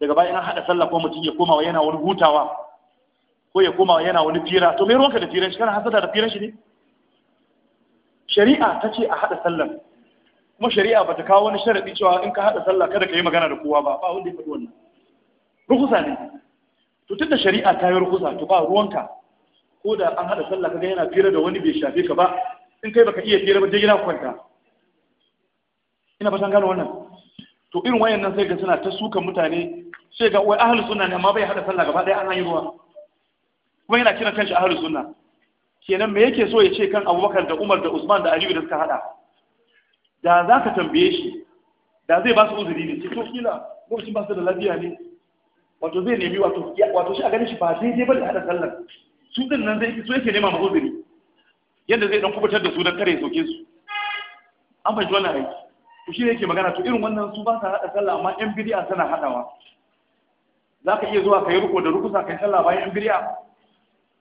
daga bayan an hada sallah ko mutum ya komawa yana wani hutawa ko ya komawa yana wani fira to me ruwanka da firan shi kana hasada da firan shi ne shari'a ta ce a hada sallah kuma shari'a ba ta kawo wani sharadi cewa in ka hada sallah kada ka yi magana da kowa ba ba wanda ya faɗi wannan rukusa ne to tunda shari'a ta yi rukusa to ba ruwanka ko da an haɗa sallah kaga yana fira da wani bai shafe ka ba in kai baka iya fira ba dai yana kwanta ina fatan gano wannan to irin wayannan sai ga suna ta sukan mutane sai ga wai ahlus sunna ne amma bai haɗa sallah gaba ɗaya an yi ruwa kuma yana kiran kanshi ahlus sunna kenan me yake so ya ce kan Abubakar da Umar da Usman da Aliyu da suka haɗa da za ka tambaye shi da zai ba su uzuri ne ce to kila lokacin ba su da lafiya ne wato zai nemi wato wato shi a ganin shi ba daidai ba da haɗa sallar su nan zai so yake nema ma yadda zai dan kubutar da su dan kare soke su an fahimci wannan aiki to shi ne yake magana to irin wannan su ba sa hada sallah amma yan bid'a tana hadawa zaka iya zuwa kai ruko da sa kai sallah bayan yan bid'a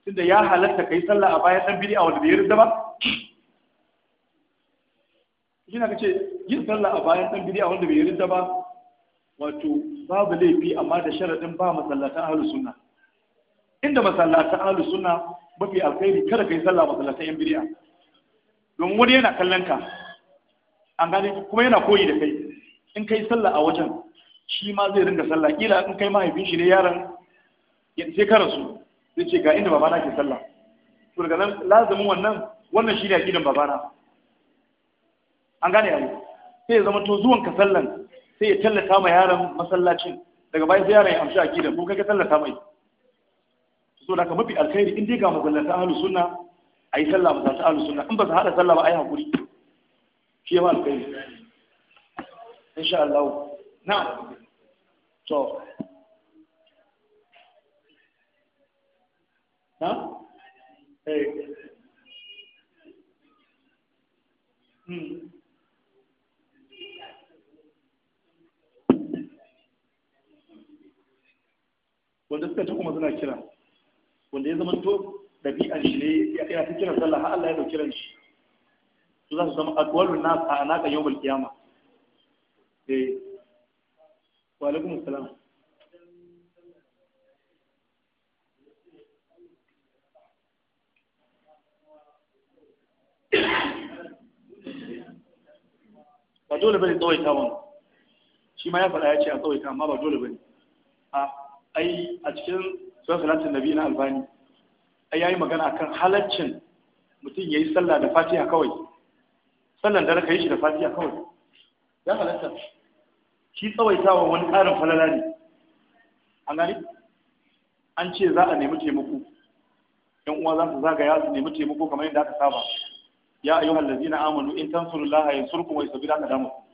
tunda ya halatta kai sallah a bayan dan bid'a wanda bai yarda ba shi na kace yin sallah a bayan dan bid'a wanda bai yarda ba wato babu laifi amma da sharadin ba masallatan ahlus sunnah inda masallatan ahlus sunna mafi alkhairi kada kai sallah masallatan yan bid'a don wani yana kallon ka an gane kuma yana koyi da kai in kai sallah a wajen shi ma zai ringa sallah kila in kai mahaifin shi ne yaron sai ka rasu zai ce ga inda babana ke sallah to daga nan lazumin wannan wannan shi ne gidan babana an gane yayi sai ya zama to zuwan ka sallan sai ya tallata ma yaron masallacin daga baya sai yaron ya amshi gidan, ko kai ka tallata mai so da mafi alkhairi in dai ga maballanta ahlus sunna ayi sallah ba ta ahlus sunna in ba su hada sallah ba ayi hakuri shi ya alkhairi insha Allah na'am to na eh hmm wanda suka ci kuma suna kira wanda ya zama to dabi'an shi ne ya kai ta kiran sallah har Allah ya dauki ran shi su za su zama aqwalu nas a anaka yawmul qiyama eh wa alaikum assalam ba dole bane tsawaita wannan shi ma ya faɗa ya ce a tsawaita amma ba dole bane a ah. ai a cikin sura salatin nabi na albani ai yayi magana akan halaccin mutum yayi sallah da fatiha kawai sallan raka kai shi da fatiha kawai ya halatta shi tsawaitawa wani ƙarin falala ne an gani an ce za a nemi taimako yan uwa za su zagaya su nemi taimako kamar yadda aka saba ya ayyuhal ladina amanu in tansurullaha yansurkum wa yusabbiru aqdamakum